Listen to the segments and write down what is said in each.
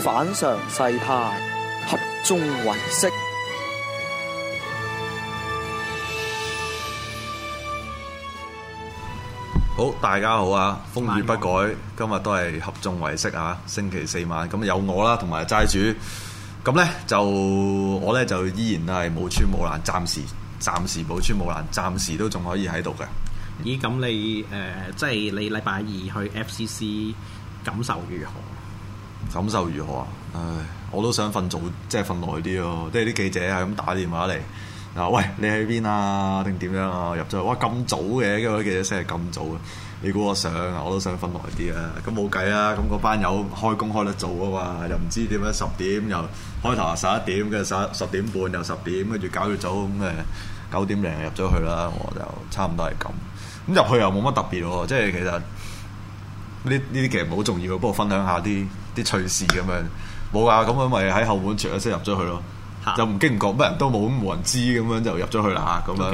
反常世派，合眾唯識。好，大家好啊！風雨不改，安今日都係合眾唯識啊！星期四晚咁有我啦，同埋齋主。咁呢，就我呢，就依然都係冇穿冇爛，暫時暫時冇穿冇爛，暫時都仲可以喺度嘅。咦、嗯？咁、嗯、你誒，即、呃、係、就是、你禮拜二去 FCC 感受如何？感受如何啊？唉，我都想瞓早，即係瞓耐啲咯。即係啲記者係咁打電話嚟，嗱，餵，你喺邊啊？定點樣啊？入咗去：「哇，咁早嘅，因為記者聲係咁早。你估我想啊？我都想瞓耐啲啊。咁冇計啊。咁嗰班友開工開得早啊嘛，又唔知點樣十點又開頭十一點，跟住十十點半又十點，跟住搞到早咁誒，九點零入咗去啦。我就差唔多係咁。咁入去又冇乜特別喎，即係其實。呢呢啲其實唔係好重要嘅，幫我分享下啲啲趣事咁樣。冇啊，咁樣咪喺後門隨即入咗去咯，就唔經唔覺，咩人都冇，冇人知咁樣就入咗去啦嚇，咁樣係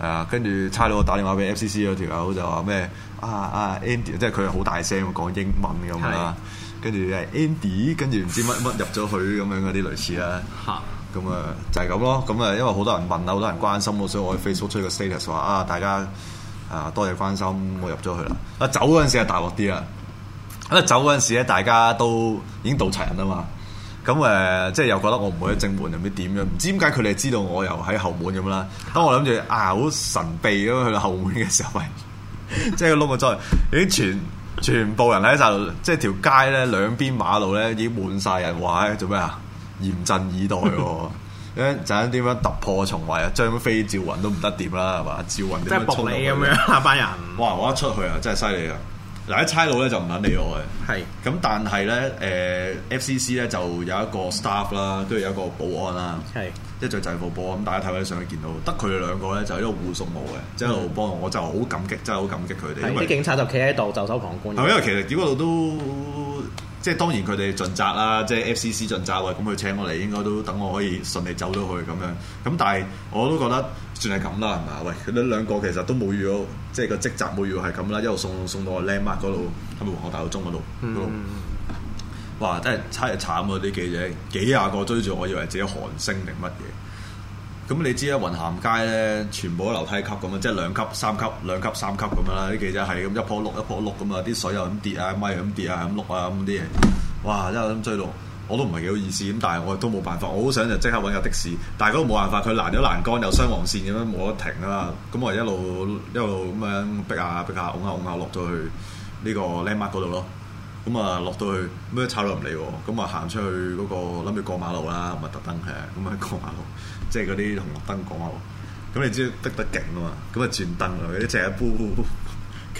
Okay. 啊。跟住差佬打電話俾 FCC 嗰條友就話咩啊啊 Andy，即係佢好大聲講英文咁啦。跟住係 Andy，跟住唔知乜乜入咗去咁樣嗰啲類似啦。嚇，咁啊就係、是、咁咯。咁啊因為好多人問啊，好多人關心啊，所以我喺 Facebook 出個 status 話啊大家。啊！多謝關心，我入咗去啦。我走嗰陣時啊，大鑊啲啊，因為走嗰陣時咧，大家都已經到齊人啊嘛。咁誒、呃，即係又覺得我唔會喺正門，又唔知點樣，唔知點解佢哋知道我又喺後門咁啦。當我諗住啊，好神秘咁去到後門嘅時候，係 即係碌個樽，已經全全部人喺曬，即係條街咧兩邊馬路咧已經滿晒人，話做咩啊？嚴陣以待喎！就咁點樣突破重圍啊？張飛趙雲都唔得掂啦，係嘛？趙雲即係搏你咁樣下班人。哇！ 我一出去啊，真係犀利啊！嗱，一差佬咧就唔肯理我嘅。係是。咁但係咧，誒、呃、FCC 咧就有一個 staff 啦，都係有一個保安啦。係是。一係在制服保安，咁大家睇返上去見到，得佢哋兩個咧就喺度護送我嘅，即係度幫我，我就好感激，真係好感激佢哋。啲的為警察就企喺度袖手旁觀。因為其實屌嗰度都。即係當然佢哋盡責啦，即係 FCC 盡責啊，咁佢請我嚟應該都等我可以順利走到去咁樣，咁但係我都覺得算係咁啦，係嘛？喂，佢哋兩個其實都冇預到，即係個職責冇預到係咁啦，一路送送到我 landmark 嗰度，係咪皇后大道中嗰度嗰度？哇！真係差日慘啊啲記者，幾廿個追住，我以為自己韓星定乜嘢？咁你知啦，雲咸街咧，全部都樓梯級咁啊，即係兩級、三級、兩級、三級咁樣啦。呢記者係咁一坡碌一坡碌咁啊，啲水又咁跌啊，咪又咁跌啊，咁碌啊咁啲嘢。哇！一路咁追落，我都唔係幾好意思咁，但係我都冇辦法，我好想就即刻揾架的士，但係嗰度冇辦法，佢攔咗欄杆又雙黃線咁樣，冇得停啦。咁我一路一路咁啊逼下逼下，拱下拱下落咗去呢個 Landmark 嗰度咯。咁啊落到去咩？炒到唔理喎。咁啊行出去嗰個諗住過馬路啦，咁啊，特登係咁啊過馬路。即係嗰啲紅綠燈講下，咁你知得得勁啊嘛，咁啊轉燈啊，嗰啲成日卟卟卟，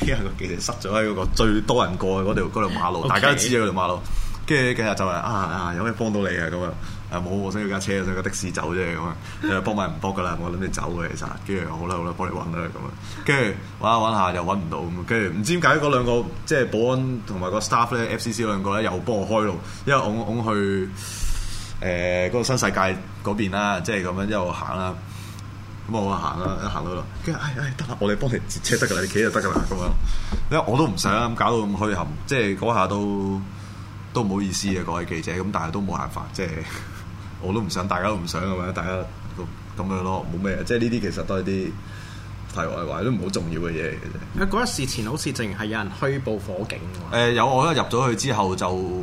幾下個記者塞咗喺嗰個最多人過嗰條嗰條馬路，大家都知嗰條馬路。跟住幾日就話啊啊有咩幫到你啊？咁啊，冇我想要架車，想個的士走啫咁啊，誒駁埋唔駁㗎啦，我諗你走嘅其實。跟住好啦好啦幫你揾啦咁啊，跟住揾下揾下又揾唔到咁，跟住唔知點解嗰兩個即係保安同埋個 staff 咧，F C C 兩個咧又幫我開路，因為㧬㧬去。誒嗰、呃嗰個新世界嗰邊啦，即係咁樣一路行啦，咁我行啦，行到嗰跟住係得啦，我哋幫你截車得㗎啦， 你企就得㗎啦咁樣，因為我都唔想搞到咁虛陷，即係嗰下都都唔好意思嘅各位記者，咁但係都冇辦法，即係我都唔想，大家都唔想咁、嗯、樣，大家都咁樣咯，冇咩即係呢啲其實都係啲題外話，都唔好重要嘅嘢嘅啫。嗰一事前好似淨係有人虛報火警喎、啊呃。有，我一入咗去之後就。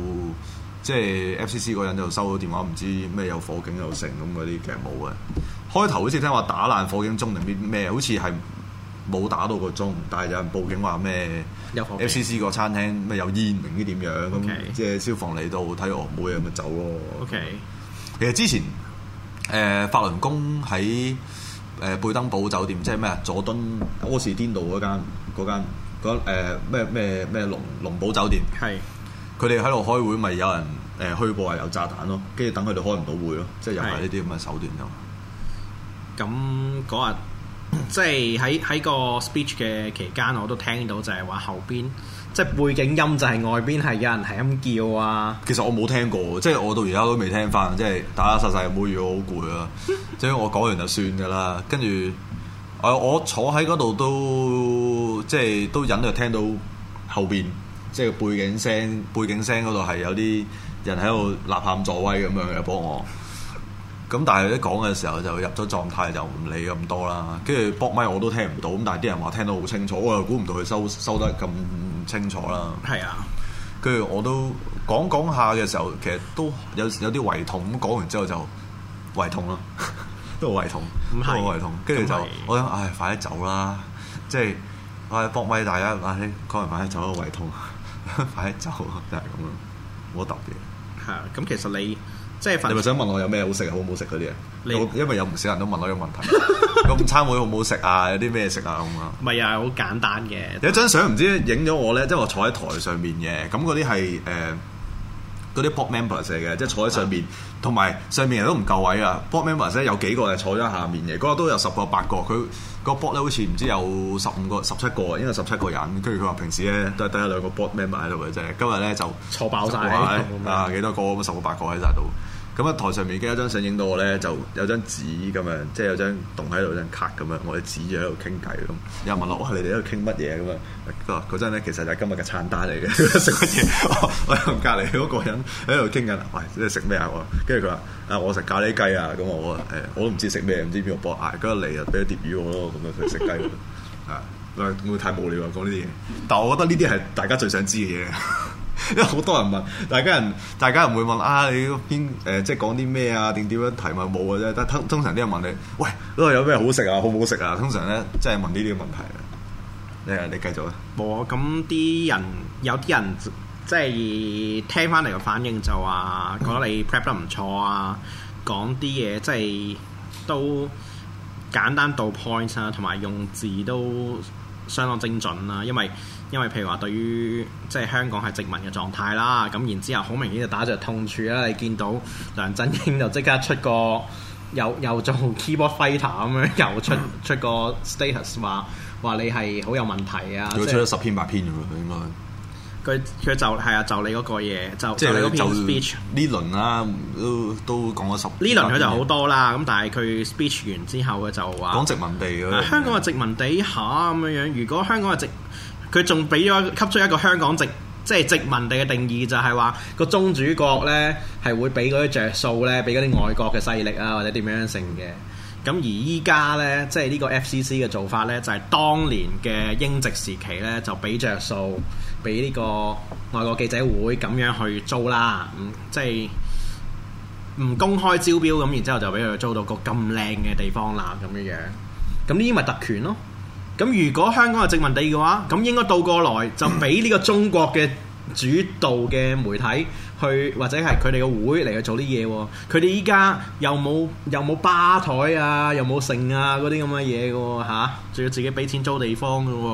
即係 FCC 嗰人就收到電話，唔知咩有火警又成咁嗰啲，其實冇嘅。開頭好似聽話打爛火警鐘定啲咩，好似係冇打到個鐘，但係有人報警話咩？FCC 個餐廳咩有煙，唔知點樣咁，即係消防嚟到睇我冇嘢咪走咯。OK，其實之前誒、呃、法輪功喺誒、呃、貝登堡酒店，即係咩啊？佐敦柯士甸道嗰間嗰間嗰咩咩咩龍龍，龍堡酒店係。佢哋喺度開會，咪、就是、有人誒虛報話、就是、有炸彈咯，跟住等佢哋開唔到會咯，即係又係呢啲咁嘅手段啫嘛。咁嗰日即係喺喺個 speech 嘅期間，我都聽到就係話後邊即係、就是、背景音就係外邊係有人係咁叫啊。其實我冇聽過，即、就、係、是、我到而家都未聽翻，即、就、係、是、打打殺殺，冇嘢，好攰啊。即係我講完就算噶啦，跟住我我坐喺嗰度都即係、就是、都忍到聽到後邊。即係背景聲，背景聲嗰度係有啲人喺度吶喊助威咁樣嘅幫我。咁但係一講嘅時候就入咗狀態，就唔理咁多啦。跟住搏咪我都聽唔到，咁但係啲人話聽到好清楚，我又估唔到佢收收得咁清楚啦。係啊，跟住我都講一講下嘅時候，其實都有有啲胃痛。咁講完之後就胃痛啦， 都好胃痛，嗯、都好胃痛。跟住就、嗯嗯、我諗，唉，快啲走啦！即係唉，係搏咪大家，快啲講完，快啲走，個胃痛。 快走就係咁咯，冇特別。係啊、嗯，咁其實你即係你咪想問我有咩好食，好唔好食嗰啲啊？因為有唔少人都問我呢個問題，咁餐會好唔好食啊？有啲咩食啊咁啊？唔係又好簡單嘅，有一張相唔、嗯、知影咗我咧，即係我坐喺台上面嘅，咁嗰啲係誒。呃嗰啲 board members 嚟嘅，即係坐喺上面，同埋、啊、上面人都唔夠位啊 ！Board members 咧有幾個係坐咗下面嘅，嗰日都有十個八個。佢個、那個 board 咧好似唔知有十五個、十七個，應該十七個人。跟住佢話平時咧都係得兩個 board member 喺度嘅啫，今日咧就，就坐爆晒。啊幾、啊、多個？十個八個喺晒度。咁啊台上面嘅一張相影到我咧，就有張紙咁樣，即係有張洞喺度，有張卡咁樣，我哋紙就喺度傾偈咁。有人問我：哇你哋喺度傾乜嘢？咁啊，嗰陣咧其實就係今日嘅餐單嚟嘅食乜嘢？我同隔離嗰個人喺度傾緊，喂、哎，即係食咩啊？我跟住佢話：啊，我食咖喱雞啊。咁我誒、哎，我都唔知食咩，唔知邊度搏挨。跟住嚟啊，俾一,一碟魚我咯，咁佢食雞。係、 啊，會太無聊啊，講呢啲嘢。但我覺得呢啲係大家最想知嘅嘢。因為好多人問，大家人大家唔會問啊，你邊誒、呃、即係講啲咩啊？定點樣提問？目冇嘅啫。但通通常啲人問你，喂，嗰度有咩好食啊？好唔好食啊？通常咧即係問呢啲問題啦。你你繼續啊。冇啊。咁啲人有啲人即係、就是、聽翻嚟個反應就話，覺得你 prep 得唔錯啊，講啲嘢即係都簡單到 point 啊，同埋用字都。相當精準啦，因為因為譬如話對於即係香港係殖民嘅狀態啦，咁然之後好明顯就打著痛處啦，你見到梁振英就即刻出個又又做 keyboard fighter 咁樣，又出出個 status 話話你係好有問題啊，又出咗十篇八篇咁樣佢應該佢佢就係啊，就你嗰個嘢，就即係是你嗰篇要 speech 呢輪啦，啊，都都講咗十呢輪佢就好多啦，咁但係佢 speech 完之後佢就話講殖民地香港嘅殖民地下咁樣樣， 如果香港嘅殖佢仲俾咗吸出一個香港殖，即係殖民地嘅定義就係話，那個中主角咧係會俾嗰啲著數咧，俾嗰啲外國嘅勢力啊或者點樣性嘅。咁而依家呢，即係呢個 FCC 嘅做法呢，就係、是、當年嘅英殖時期呢，就俾着數，俾呢個外國記者會咁樣去租啦，嗯、即係唔公開招標，咁然之後就俾佢租到個咁靚嘅地方啦，咁樣樣。咁呢啲咪特權咯？咁如果香港係殖民地嘅話，咁應該倒過來就俾呢個中國嘅主導嘅媒體。去或者係佢哋個會嚟去做啲嘢喎，佢哋依家又冇又冇吧台啊，又冇剩啊嗰啲咁嘅嘢嘅喎嚇，仲要、哦啊、自己俾錢租地方嘅喎。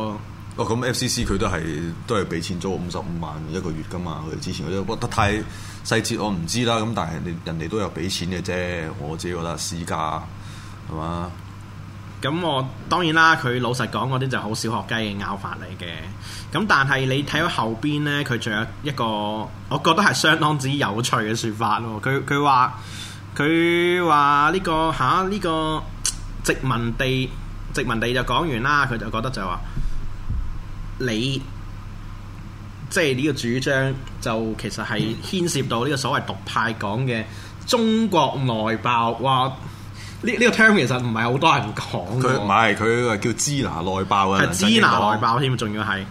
哦，咁 FCC 佢都係都係俾錢租五十五萬一個月㗎嘛，佢哋之前啲都覺得太細節，我唔知啦。咁但係人哋都有俾錢嘅啫，我自己覺得私家係嘛。咁我當然啦，佢老實講嗰啲就好小學雞嘅拗法嚟嘅。咁但係你睇到後邊呢，佢仲有一個，我覺得係相當之有趣嘅說法咯。佢佢話佢話呢個嚇呢、啊呢個殖民地殖民地就講完啦。佢就覺得就話你即係呢個主張就其實係牽涉到呢個所謂獨派講嘅中國內爆話。呢呢個 term 其實唔係好多人講。佢唔係佢係叫支拿內爆啊。係支拿內爆添，仲要係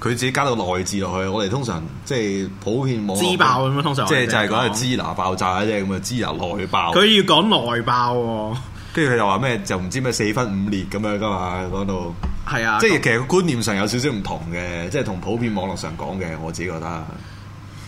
佢自己加到內字落去。我哋通常即係普遍網支爆咁樣，通常即係就係講支拿爆炸嘅啫。咁啊，支拿內爆。佢要講內爆喎，跟住佢又話咩就唔知咩四分五裂咁樣噶嘛？講到係啊，即係其實觀念上有少少唔同嘅，即係同普遍網絡上講嘅，我自己覺得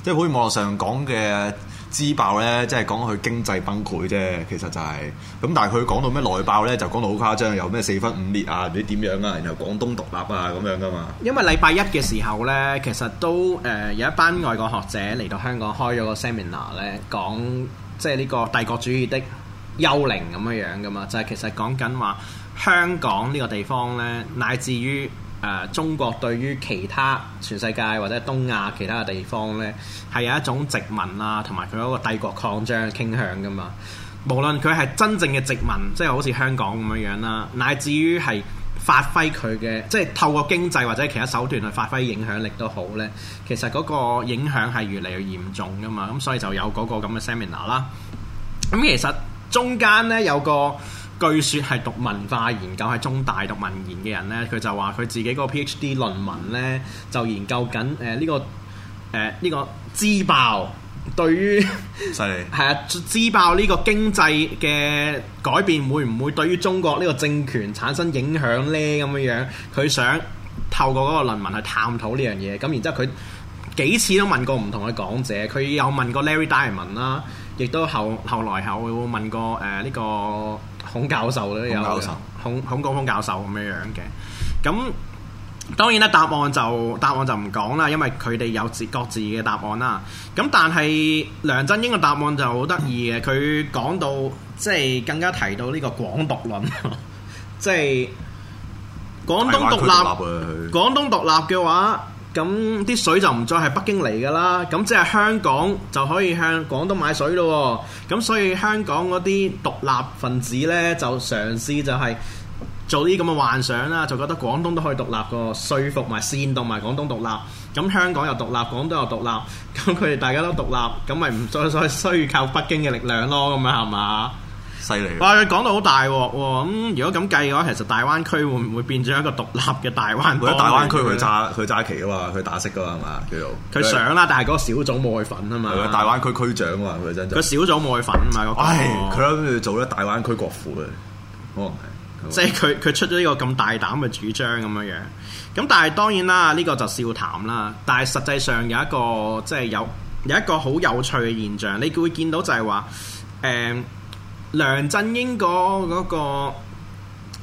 即係普遍網絡上講嘅。支爆咧，即係講佢經濟崩潰啫。其實就係、是、咁，但係佢講到咩內爆咧，就講到好誇張，有咩四分五裂啊，唔知點樣啊，然後廣東獨立啊咁樣噶嘛。因為禮拜一嘅時候咧，其實都誒、呃、有一班外國學者嚟到香港開咗個 seminar 咧，講即係呢個帝國主義的幽靈咁樣樣噶嘛，就係、是、其實講緊話香港呢個地方咧，乃至於。誒、啊，中國對於其他全世界或者東亞其他嘅地方呢，係有一種殖民啊，同埋佢嗰個帝國擴張嘅傾向噶嘛。無論佢係真正嘅殖民，即係好似香港咁樣樣啦，乃至於係發揮佢嘅，即係透過經濟或者其他手段去發揮影響力都好呢，其實嗰個影響係越嚟越嚴重噶嘛。咁、嗯、所以就有嗰個咁嘅 seminar 啦。咁、嗯、其實中間呢，有個。據說係讀文化研究，係中大讀文言嘅人呢，佢就話佢自己個 PhD 論文呢，就研究緊誒呢個誒呢、呃這個資爆對於犀利啊資爆呢個經濟嘅改變會唔會對於中國呢個政權產生影響呢？咁樣樣佢想透過嗰個論文去探討呢樣嘢。咁然之後佢幾次都問過唔同嘅講者，佢有問過 Larry Diamond 啦，亦都後後來後會問過誒呢、呃這個。孔教授咧，有，教授，孔孔國鋒孔孔教授咁樣樣嘅，咁當然咧，答案就答案，答案就唔講啦，因為佢哋有自各自嘅答案啦。咁但係梁振英嘅答案就好得意嘅，佢講到即係更加提到呢個廣獨論，即係廣東獨立，廣、哎、東獨立嘅話。咁啲水就唔再係北京嚟㗎啦，咁即係香港就可以向廣東買水咯、哦。咁所以香港嗰啲獨立分子呢，就嘗試就係做啲咁嘅幻想啦，就覺得廣東都可以獨立喎，說服埋、煽動埋廣東獨立。咁香港又獨立，廣東又獨立，咁佢哋大家都獨立，咁咪唔再再需要靠北京嘅力量咯。咁樣係嘛？哇！你講到好大鑊咁，如果咁計嘅話，其實大灣區會唔會變咗一個獨立嘅大，大灣區？大灣區佢揸佢揸旗啊嘛，佢打色嘛，係嘛叫做佢上啦，但係嗰個小組冇佢份啊嘛，大灣區區長啊嘛，佢真係個小組冇佢份啊嘛，哎，佢諗住要做咗大灣區國父啊，可能係即係佢佢出咗呢個咁大膽嘅主張咁樣樣，咁但係當然啦，呢個就笑談啦。但係實際上有一個即係有有一個好有趣嘅現象，你會見到就係話誒。嗯。梁振英嗰個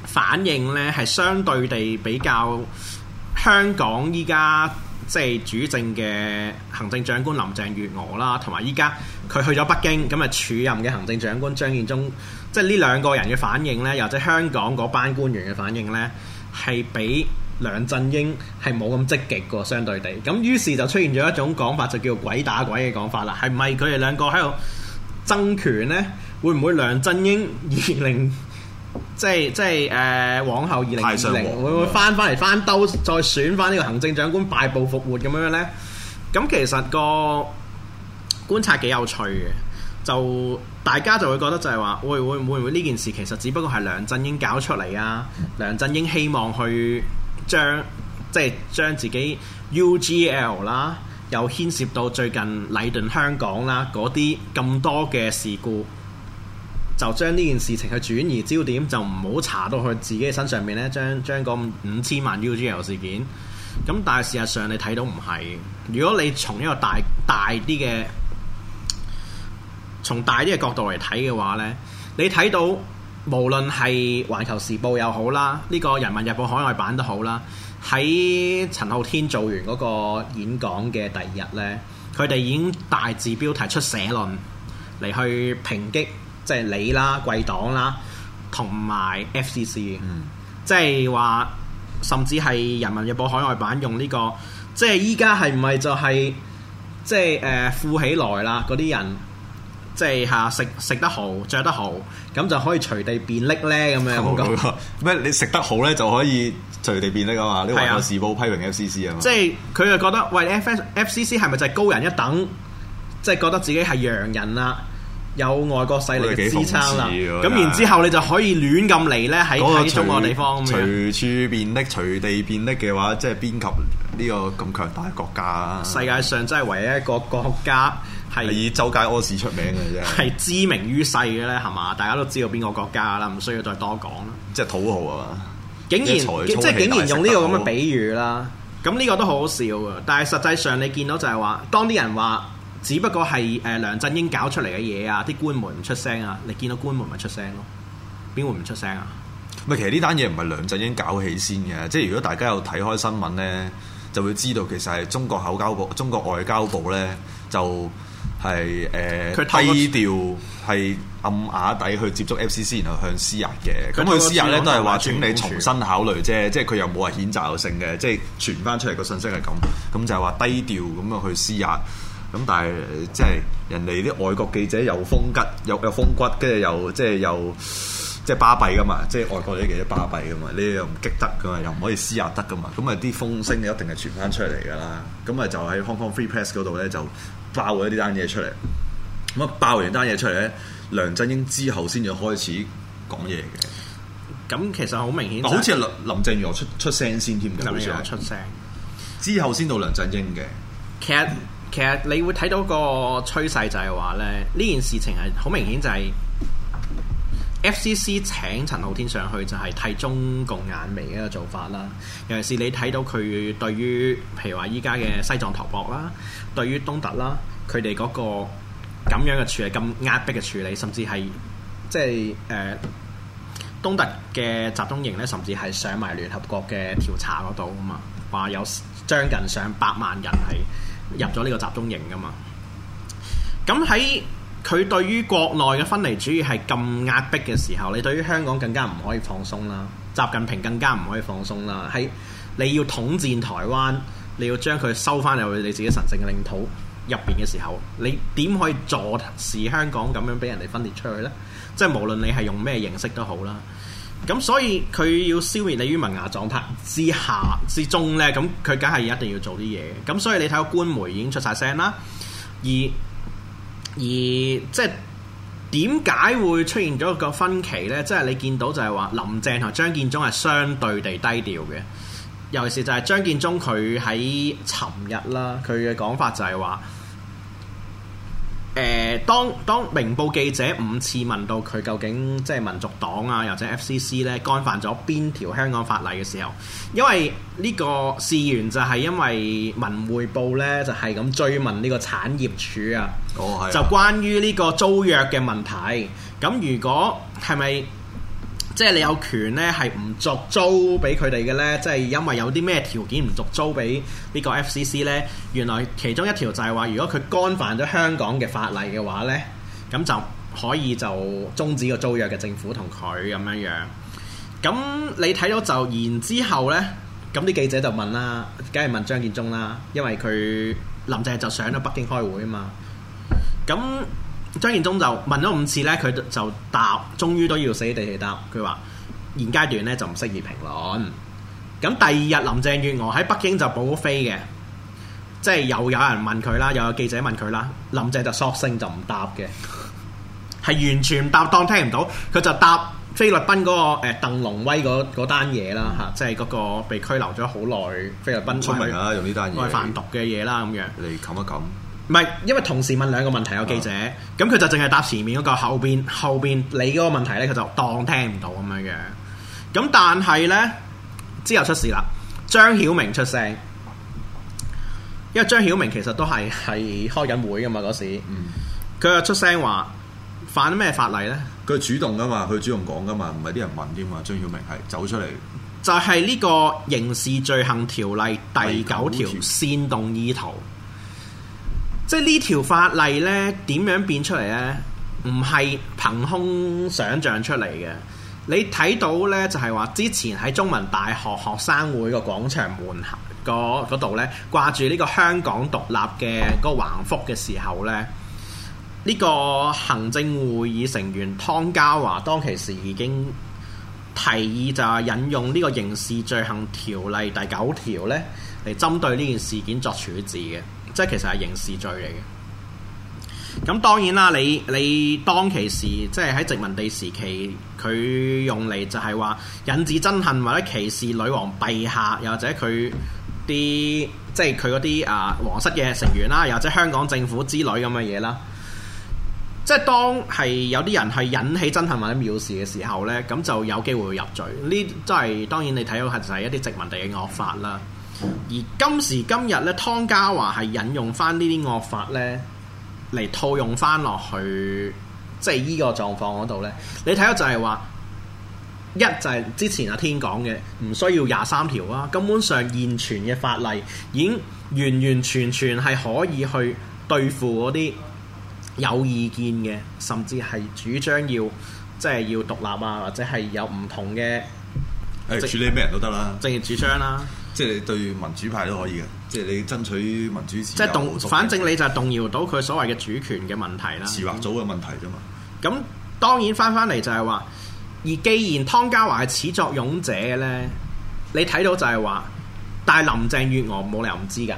反應呢，係相對地比較香港依家即係主政嘅行政長官林鄭月娥啦，同埋依家佢去咗北京咁啊，署任嘅行政長官張建宗，即係呢兩個人嘅反應呢，或者香港嗰班官員嘅反應呢，係比梁振英係冇咁積極嘅相對地。咁於是就出現咗一種講法，就叫鬼打鬼嘅講法啦。係咪佢哋兩個喺度爭權呢？會唔會梁振英二零即係即係、呃、往後二零二零會唔會翻翻嚟翻兜再選翻呢個行政長官，敗部復活咁樣呢？咁其實個觀察幾有趣嘅，就大家就會覺得就係話，會會會唔會呢件事其實只不過係梁振英搞出嚟啊？嗯、梁振英希望去將即係、即係、將自己 UGL 啦，又牽涉到最近禮頓香港啦嗰啲咁多嘅事故。就將呢件事情去轉移焦點，就唔好查到佢自己身上面呢，將將個五千萬 UGL 事件，咁但係事實上你睇到唔係。如果你從一個大大啲嘅，從大啲嘅角度嚟睇嘅話呢，你睇到無論係《環球時報》又好啦，呢個《人民日報》海外版都好啦，喺陳浩天做完嗰個演講嘅第二日呢，佢哋已經大字標題出社論嚟去抨擊。即係你啦、貴黨啦，同埋 FCC，即係話，甚至係《人民日報》海外版用呢、這個，即係依家係唔係就係、是，即係誒、呃、富起來啦嗰啲人，即係嚇、啊、食食得好、着得好，咁就可以隨地便溺呢？咁、哦、樣咁樣。咩、哦？你食得好呢，就可以隨地便溺啊嘛？啊你《華爾士報》批評 FCC 啊嘛？即係佢就覺得喂 FCC 係咪就係高人一等，即、就、係、是、覺得自己係洋人啊？有外國勢力嘅支撐啦，咁然，然後之後你就可以亂咁嚟呢喺中國地方，隨，隨處便溺、隨地便溺嘅話，即係邊及呢個咁強大嘅國家啊？世界上真係唯一一個國家係以周街屙屎出名嘅啫，係知名於世嘅呢，係嘛？大家都知道邊個國家啦，唔需要再多講啦。即係土豪啊嘛！竟然即係竟然用呢個咁嘅比喻啦，咁呢個都好好笑啊！但係實際上你見到就係話，當啲人話。只不過係誒梁振英搞出嚟嘅嘢啊，啲官媒唔出聲啊，你見到官媒咪出聲咯，邊會唔出聲啊？唔、啊、其實呢單嘢唔係梁振英搞起先嘅，即係如果大家有睇開新聞咧，就會知道其實係中國口交部、中國外交部咧就係、是、誒、呃、低調，係暗啞底去接觸 F C C，然後向施壓嘅。咁佢施壓咧都係話請你重新考慮啫、嗯，即係佢又冇話譴責性嘅，即係傳翻出嚟個信息係咁，咁就係、是、話低調咁樣去施壓。咁但係即係人哋啲外國記者又風吉，又有，有風骨，跟住又即係又即係巴閉噶嘛，即係外國啲記者巴閉噶嘛，你又唔激得噶嘛，又唔可以施壓得噶嘛，咁啊啲風聲一定係傳翻出嚟噶啦，咁啊就喺 Hong Kong Free Press 嗰度咧就爆咗呢單嘢出嚟。咁啊爆完單嘢出嚟咧，梁振英之後先至開始講嘢嘅。咁其實，明顯，實好明顯，好似林林鄭月娥出出聲先添嘅，林鄭月娥出聲之後先到梁振英嘅。其實。其實你會睇到個趨勢就係話呢，呢件事情係好明顯就係 FCC 請陳浩天上去就係替中共眼眉嘅一個做法啦。尤其是你睇到佢對於譬如話依家嘅西藏圖博啦，對於東突啦，佢哋嗰個咁樣嘅處理咁壓迫嘅處理，甚至係即係誒、呃、東突嘅集中營咧，甚至係上埋聯合國嘅調查嗰度啊嘛，話有將近上百萬人係。入咗呢個集中營噶嘛？咁喺佢對於國內嘅分離主義係咁壓迫嘅時候，你對於香港更加唔可以放鬆啦。習近平更加唔可以放鬆啦。喺你要統戰台灣，你要將佢收返入去你自己神聖嘅領土入邊嘅時候，你點可以坐視香港咁樣俾人哋分裂出去呢？即係無論你係用咩形式都好啦。咁所以佢要消滅你於萌芽狀態之下之中呢。咁佢梗係一定要做啲嘢。咁所以你睇個官媒已經出晒聲啦。而，而即係點解會出現咗個分歧呢？即係你見到就係話，林鄭同張建宗係相對地低調嘅，尤其是就係張建宗佢喺尋日啦，佢嘅講法就係話。誒、呃，當當明報記者五次問到佢究竟即係民族黨啊，又或者 FCC 咧干犯咗邊條香港法例嘅時候，因為呢個事緣就係因為文匯報咧就係、是、咁追問呢個產業署啊，哦、啊就關於呢個租約嘅問題，咁如果係咪？是即係你有權咧，係唔續租俾佢哋嘅咧，即係因為有啲咩條件唔續租俾呢個 FCC 咧？原來其中一條就係話，如果佢干犯咗香港嘅法例嘅話咧，咁就可以就終止個租約嘅政府同佢咁樣樣。咁你睇到就然之後咧，咁啲記者就問啦，梗係問張建宗啦，因為佢林鄭就上咗北京開會啊嘛，咁。張建宗就問咗五次呢，佢就答，終於都要死地氣答。佢話現階段呢，就唔適宜評論。咁、嗯、第二日林鄭月娥喺北京就補飛嘅，即係又有人問佢啦，又有記者問佢啦，林鄭就索性就唔答嘅，係 完全唔答，當聽唔到。佢就答菲律賓嗰、那個誒、呃、鄧龍威嗰單嘢啦嚇，嗯、即係嗰個被拘留咗好耐菲律賓出名啊，用呢單嘢販毒嘅嘢啦咁樣你冚一冚。唔係，因為同時問兩個問題有記者，咁佢、啊、就淨係答前面嗰個後面，後邊後邊你嗰個問題呢，佢就當聽唔到咁樣樣。咁但係呢，之後出事啦，張曉明出聲，因為張曉明其實都係係開緊會噶嘛嗰時，佢又、嗯、出聲話犯咗咩法例呢？佢主動噶嘛，佢主動講噶嘛，唔係啲人問添嘛。張曉明係走出嚟，就係呢個刑事罪行條例第九條煽動意圖。即係呢條法例呢點樣變出嚟呢？唔係憑空想像出嚟嘅。你睇到呢，就係話之前喺中文大學學生會個廣場門口嗰度呢，掛住呢個香港獨立嘅個橫幅嘅時候呢，呢個行政會議成員湯家驊當其時已經提議就係引用呢個刑事罪行條例第九條呢嚟針對呢件事件作處置嘅。即係其實係刑事罪嚟嘅。咁當然啦，你你當其時即係喺殖民地時期，佢用嚟就係話引致憎恨或者歧視女王陛下，又或者佢啲即係佢嗰啲啊皇室嘅成員啦，又或者香港政府之類咁嘅嘢啦。即係當係有啲人係引起憎恨或者藐視嘅時候呢，咁就有機會入罪。呢即係當然你睇到係就係一啲殖民地嘅惡法啦。而今時今日咧，湯家驊係引用翻呢啲惡法咧嚟套用翻落去，即係依個狀況嗰度咧，你睇下就係話一就係之前阿天講嘅，唔需要廿三條啊，根本上現存嘅法例已經完完全全係可以去對付嗰啲有意見嘅，甚至係主張要即係、就是、要獨立啊，或者係有唔同嘅誒、哎、即處理咩人都得啦，政見主張啦、啊。嗯即係你對民主派都可以嘅，即係你爭取民主自由即係動，反正你就係動搖到佢所謂嘅主權嘅問題啦。事或組嘅問題啫嘛。咁、嗯、當然翻翻嚟就係話，而既然湯家驊係始作俑者咧，你睇到就係話，但係林鄭月娥冇理由唔知噶。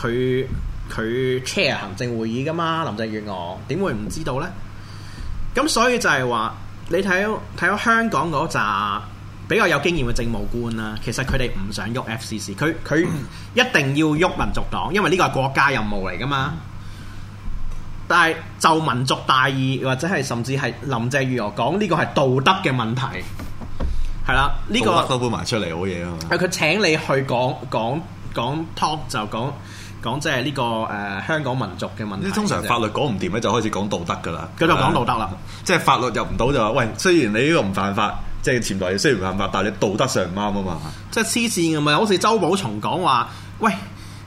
佢佢 Chair 行政會議噶嘛，林鄭月娥點會唔知道咧？咁所以就係話，你睇睇到香港嗰集。比較有經驗嘅政務官啦、啊，其實佢哋唔想喐 FCC，佢佢一定要喐民族黨，因為呢個係國家任務嚟噶嘛。但係就民族大義，或者係甚至係林鄭月娥講呢個係道德嘅問題，係啦，呢、這個都搬埋出嚟好嘢啊！係佢請你去講講講 talk，就講講即係呢個誒、呃、香港民族嘅問題。通常法律講唔掂咧，就開始講道德噶啦，佢就講道德啦，吧即係法律入唔到就話，喂，雖然你呢個唔犯法。即係潛在雖然合法，但係你道德上唔啱啊嘛！即係黐線嘅咪好似周保松講話，喂，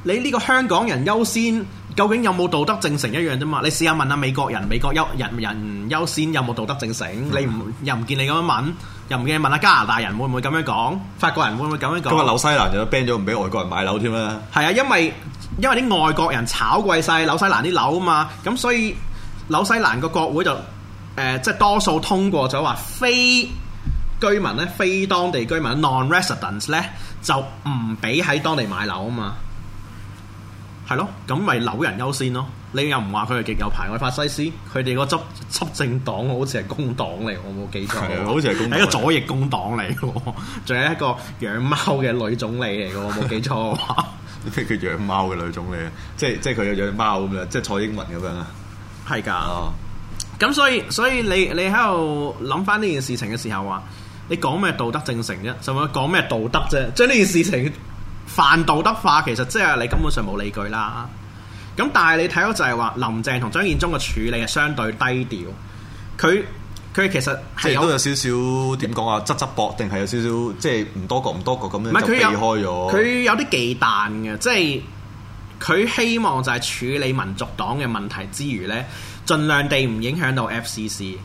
你呢個香港人優先，究竟有冇道德正誠一樣啫嘛？你試下問下美國人，美國優人人，人優先有冇道德正誠？嗯、你唔又唔見你咁樣問，又唔見你問下加拿大人會唔會咁樣講？法國人會唔會咁樣講？今日紐西蘭就 ban 咗唔俾外國人買樓添啦，係啊，因為因為啲外國人炒貴曬紐西蘭啲樓啊嘛，咁所以紐西蘭個國會就誒、呃、即係多數通過咗話非。居民咧，非當地居民 non-residents 咧，就唔俾喺當地買樓啊嘛。係咯，咁咪紐人優先咯。你又唔話佢係極右排外法西斯？佢哋個執執政黨好似係工黨嚟，我冇記錯。係啊，好似係工。係一個左翼工黨嚟，嘅仲係一個養貓嘅女總理嚟嘅。我冇記錯啊。咩 叫養貓嘅女總理？即係即係佢有養貓咁樣，即係蔡英文咁樣啊？係噶的。咁、哦、所以所以，所以你你喺度諗翻呢件事情嘅時候話。你講咩道德正誠啫，甚至講咩道德啫，將呢件事情泛道德化，其實即係你根本上冇理據啦。咁但係你睇到就係話，林鄭同張建宗嘅處理係相對低調，佢佢其實有即係有少少點講啊，側側膊定係有少少即係唔多角唔多角咁樣，唔係佢有佢有啲忌憚嘅，即係佢希望就係處理民族黨嘅問題之餘呢，盡量地唔影響到 FCC。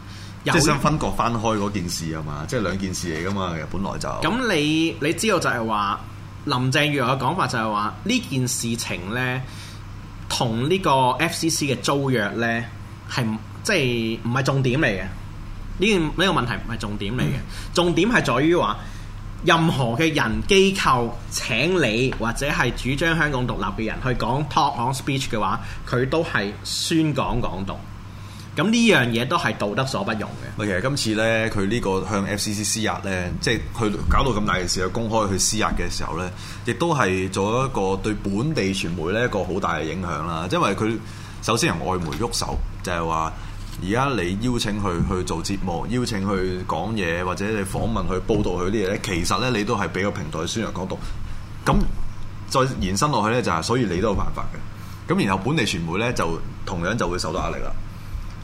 即係想分割翻開嗰件事啊嘛，即係兩件事嚟噶嘛，其實本來就咁你你知道就係話林鄭月娥嘅講法就係話呢件事情呢，同呢個 FCC 嘅租約呢，係即係唔係重點嚟嘅？呢、這、呢、個這個問題唔係重點嚟嘅，嗯、重點係在於話任何嘅人機構請你或者係主張香港獨立嘅人去講 talk on speech 嘅話，佢都係宣講港獨。咁呢樣嘢都係道德所不容嘅。我其實今次呢，佢呢個向 FCC 施壓呢，即係佢搞到咁大件事，公開去施壓嘅時候呢，亦都係做一個對本地傳媒呢一個好大嘅影響啦。因為佢首先由外媒喐手，就係話而家你邀請佢去做節目，邀請佢講嘢，或者你訪問佢報導佢啲嘢呢，其實呢，你都係俾個平台宣，宣揚講到咁再延伸落去呢，就係、是、所以你都有辦法嘅。咁然後本地傳媒呢，就同樣就會受到壓力啦。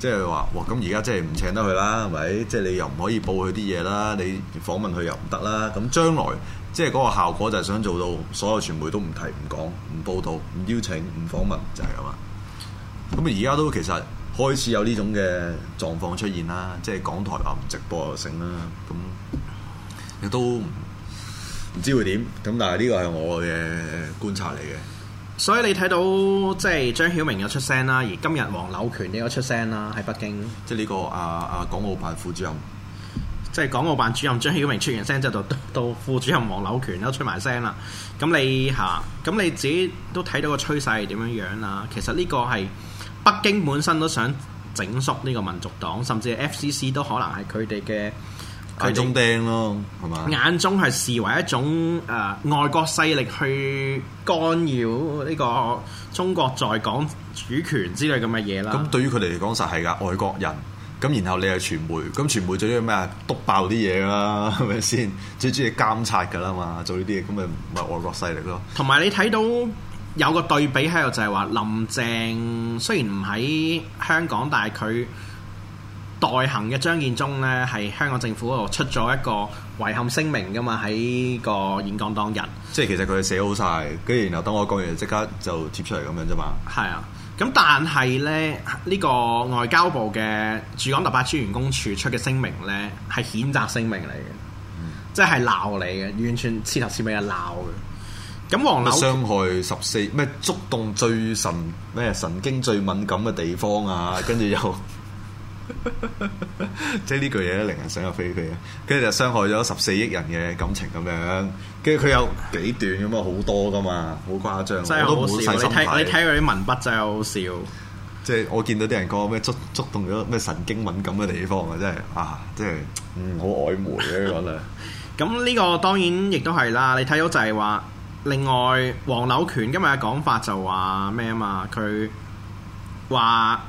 即係話，哇！咁而家即係唔請得佢啦，係咪？即係你又唔可以報佢啲嘢啦，你訪問佢又唔得啦。咁將來即係嗰個效果就係想做到所有傳媒都唔提、唔講、唔報導、唔邀請、唔訪問，就係咁啦。咁而家都其實開始有呢種嘅狀況出現啦。即係港台話唔直播又成啦。咁亦都唔知會點。咁但係呢個係我嘅觀察嚟嘅。所以你睇到即係張曉明有出聲啦，而今日黃柳權亦有出聲啦，喺北京。即係、這、呢個啊啊港澳辦副主任，即係港澳辦主任張曉明出完聲之後，就到，到副主任黃柳權都出埋聲啦。咁你吓，咁、啊、你自己都睇到個趨勢係點樣樣啦。其實呢個係北京本身都想整縮呢個民族黨，甚至 FCC 都可能係佢哋嘅。佢中釘咯，係嘛？眼中係視為一種誒、呃、外國勢力去干擾呢個中國在港主權之類咁嘅嘢啦。咁對於佢哋嚟講實係㗎外國人，咁然後你係傳媒，咁傳媒最中意咩啊？督爆啲嘢啦，係咪先？最中意監察㗎啦嘛，做呢啲嘢咁咪唔係外國勢力咯。同埋你睇到有個對比喺度，就係、是、話林鄭雖然唔喺香港，但係佢。代行嘅張建宗咧，係香港政府嗰度出咗一個遺憾聲明噶嘛，喺個演講當日。即係其實佢寫好晒，跟住然後等我講完即刻就貼出嚟咁樣啫嘛。係啊，咁但係咧呢、這個外交部嘅駐港特八處員工處特派員公署出嘅聲明咧，係譴責聲明嚟嘅，嗯、即係鬧嚟嘅，完全徹頭徹尾嘅鬧嘅。咁王，傷害十四咩觸動最神咩神經最敏感嘅地方啊，跟住又。 即係呢句嘢咧，令人想入非非啊！跟住就傷害咗十四億人嘅感情咁樣，跟住佢有幾段咁啊，好多㗎嘛，好誇張，真係好笑。你睇你睇佢啲文筆真係好笑。即係我見到啲人講咩觸觸動咗咩神經敏感嘅地方啊！真係啊，即係嗯好曖昧咧講啦。咁呢 個當然亦都係啦。你睇到就係話，另外黃柳權今日嘅講法就話咩啊嘛？佢話。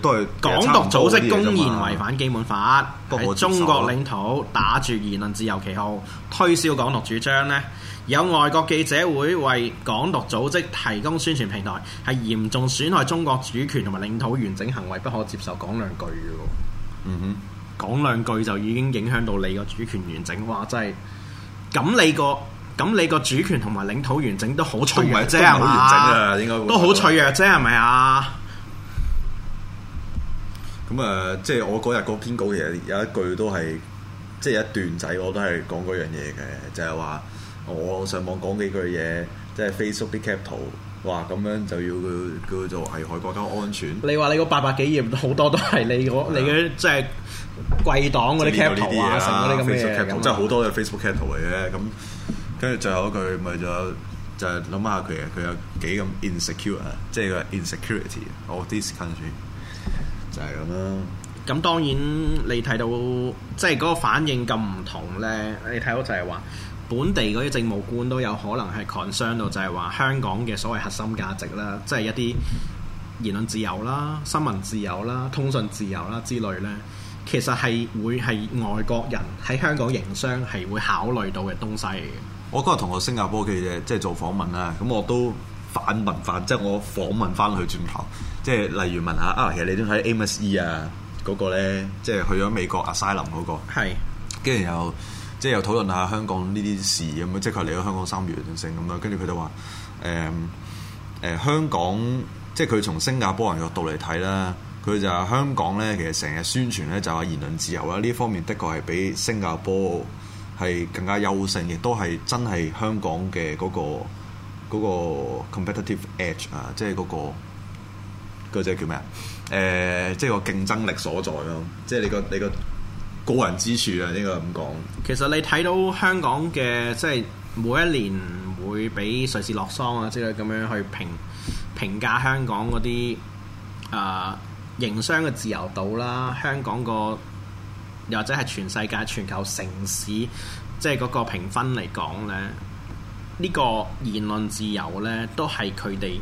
都係港獨組織公然違反基本法，啊、喺中國領土打住言論自由旗號推銷港獨主張呢，有外國記者會為港獨組織提供宣傳平台，係嚴重損害中國主權同埋領土完整行為不可接受。講兩句嘅，嗯哼，講兩句就已經影響到你個主權完整，哇！真係咁你個咁你個主權同埋領土完整都好脆弱啫，好完整啊，應該都好脆弱啫，係咪啊？嗯咁啊、嗯，即係我嗰日嗰篇稿其實有一句都係，即係一段仔我都係講嗰樣嘢嘅，就係、是、話我上網講幾句嘢，即係 Facebook 啲 caption，哇咁樣就要叫，叫做就危害國家安全。你話你個八百幾頁好多都係你嗰、嗯、你嘅即係貴黨嗰啲 caption 啊，啲咁嘅。即有呢啲嘢係好多都係 Facebook caption 嚟嘅，咁跟住最後一句咪就就係諗下佢佢有幾咁 insecure，即係個 insecurity of this country 就係咁啦。咁當然你睇到即係嗰個反應咁唔同咧，你睇到就係話本地嗰啲政務官都有可能係 concern 到，就係話香港嘅所謂核心價值啦，即係一啲言論自由啦、新聞自由啦、通訊自由啦之類咧，其實係會係外國人喺香港營商係會考慮到嘅東西嚟嘅。我嗰日同個新加坡嘅即係做訪問啊，咁我都，反問翻，即係我訪問翻佢轉頭，即係例如問下啊，其實你都睇 MSC 啊嗰個咧，即係去咗美國阿沙林嗰個，跟住係又即係又討論下香港呢啲事咁樣，即係佢嚟咗香港三月成咁樣，跟住佢就話誒誒香港，即係佢從新加坡人角度嚟睇啦，佢就話香港呢，其實成日宣傳呢，就話言論自由啦，呢方面的確係比新加坡係更加優勝，亦都係真係香港嘅嗰個。嗰個 competitive edge 啊，即係嗰、嗰個嗰隻叫咩啊？誒、呃，即係個競爭力所在咯、啊。即係你個你個個人之處啊，應該咁講。其實你睇到香港嘅即係每一年會俾瑞士洛桑啊之類咁樣去評評價香港嗰啲啊營商嘅自由度啦，香港個又或者係全世界全球城市，即係嗰個評分嚟講咧。呢個言論自由呢，都係佢哋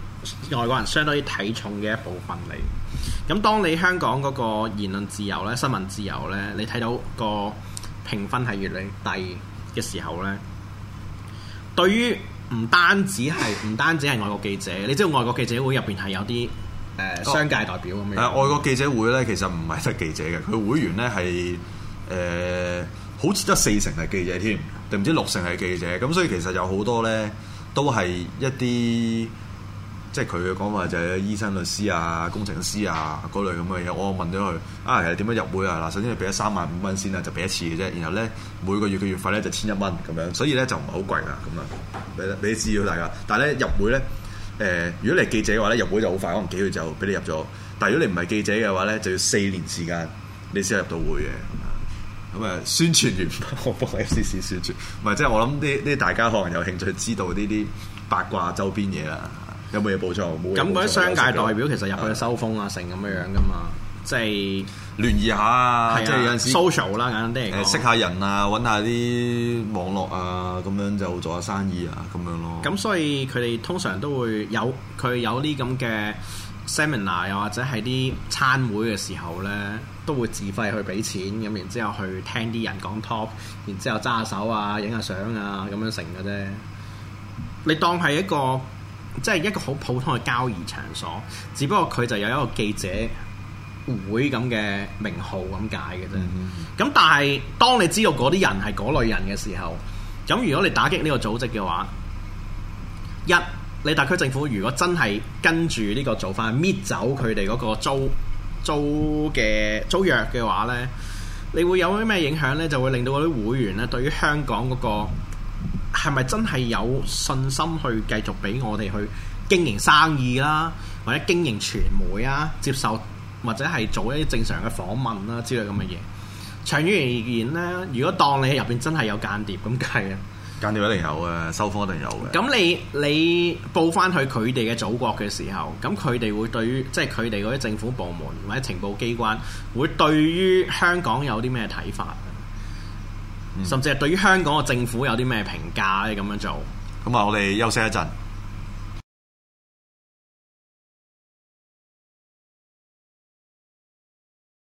外國人相當於睇重嘅一部分嚟。咁當你香港嗰個言論自由呢，新聞自由呢，你睇到個評分係越嚟越低嘅時候呢，對於唔單止係唔單止係外國記者，你知道外國記者會入邊係有啲、呃、商界代表咁樣、呃。外國記者會呢，其實唔係得記者嘅，佢會員呢，係、呃、好似得四成係記者添。唔知六成係記者，咁所以其實有好多咧，都係一啲即係佢嘅講法，就係醫生、律師啊、工程師啊嗰類咁嘅嘢。我問咗佢啊，其實點樣入會啊？嗱，首先你俾咗三萬五蚊先啊，就俾一次嘅啫。然後咧每個月嘅月費咧就千一蚊咁樣，所以咧就唔係好貴㗎咁啊。俾啲資料大家，但係咧入會咧，誒、呃，如果你係記者嘅話咧，入會就好快，可能幾月就俾你入咗。但係如果你唔係記者嘅話咧，就要四年時間你先入到會嘅。咁啊，宣傳完我幫你 c c 宣傳，唔係即係我諗啲啲大家可能有興趣知道呢啲八卦周邊嘢啦，有冇嘢補冇？咁嗰啲商界代表，代表其實入去收風啊，成咁樣樣噶嘛，即係聯誼下，的即係有陣時 social 啦，等等。啲嚟識下人啊，揾下啲網絡啊，咁樣就做下生意啊，咁樣咯。咁所以佢哋通常都會有佢有啲咁嘅 seminar，又或者係啲餐會嘅時候咧。都會自費去俾錢，咁然之後去聽啲人講 talk，然之後揸下手啊、影下相啊，咁樣成嘅啫。你當係一個即係、就是、一個好普通嘅交易場所，只不過佢就有一個記者會咁嘅名號咁解嘅啫。咁、嗯、但係當你知道嗰啲人係嗰類人嘅時候，咁如果你打擊呢個組織嘅話，一你特區政府如果真係跟住呢個做法，搣走佢哋嗰個租，租嘅租約嘅話呢，你會有啲咩影響呢？就會令到嗰啲會員呢，對於香港嗰個係咪真係有信心去繼續俾我哋去經營生意啦，或者經營傳媒啊，接受或者係做一啲正常嘅訪問啦之類咁嘅嘢。長遠而言呢，如果當你喺入邊真係有間諜咁計啊！間諜一定有嘅，收科一定有嘅。咁你你報翻去佢哋嘅祖國嘅時候，咁佢哋會對於即係佢哋嗰啲政府部門或者情報機關會對於香港有啲咩睇法？嗯、甚至係對於香港嘅政府有啲咩評價咧？咁樣做。咁啊，我哋休息一陣。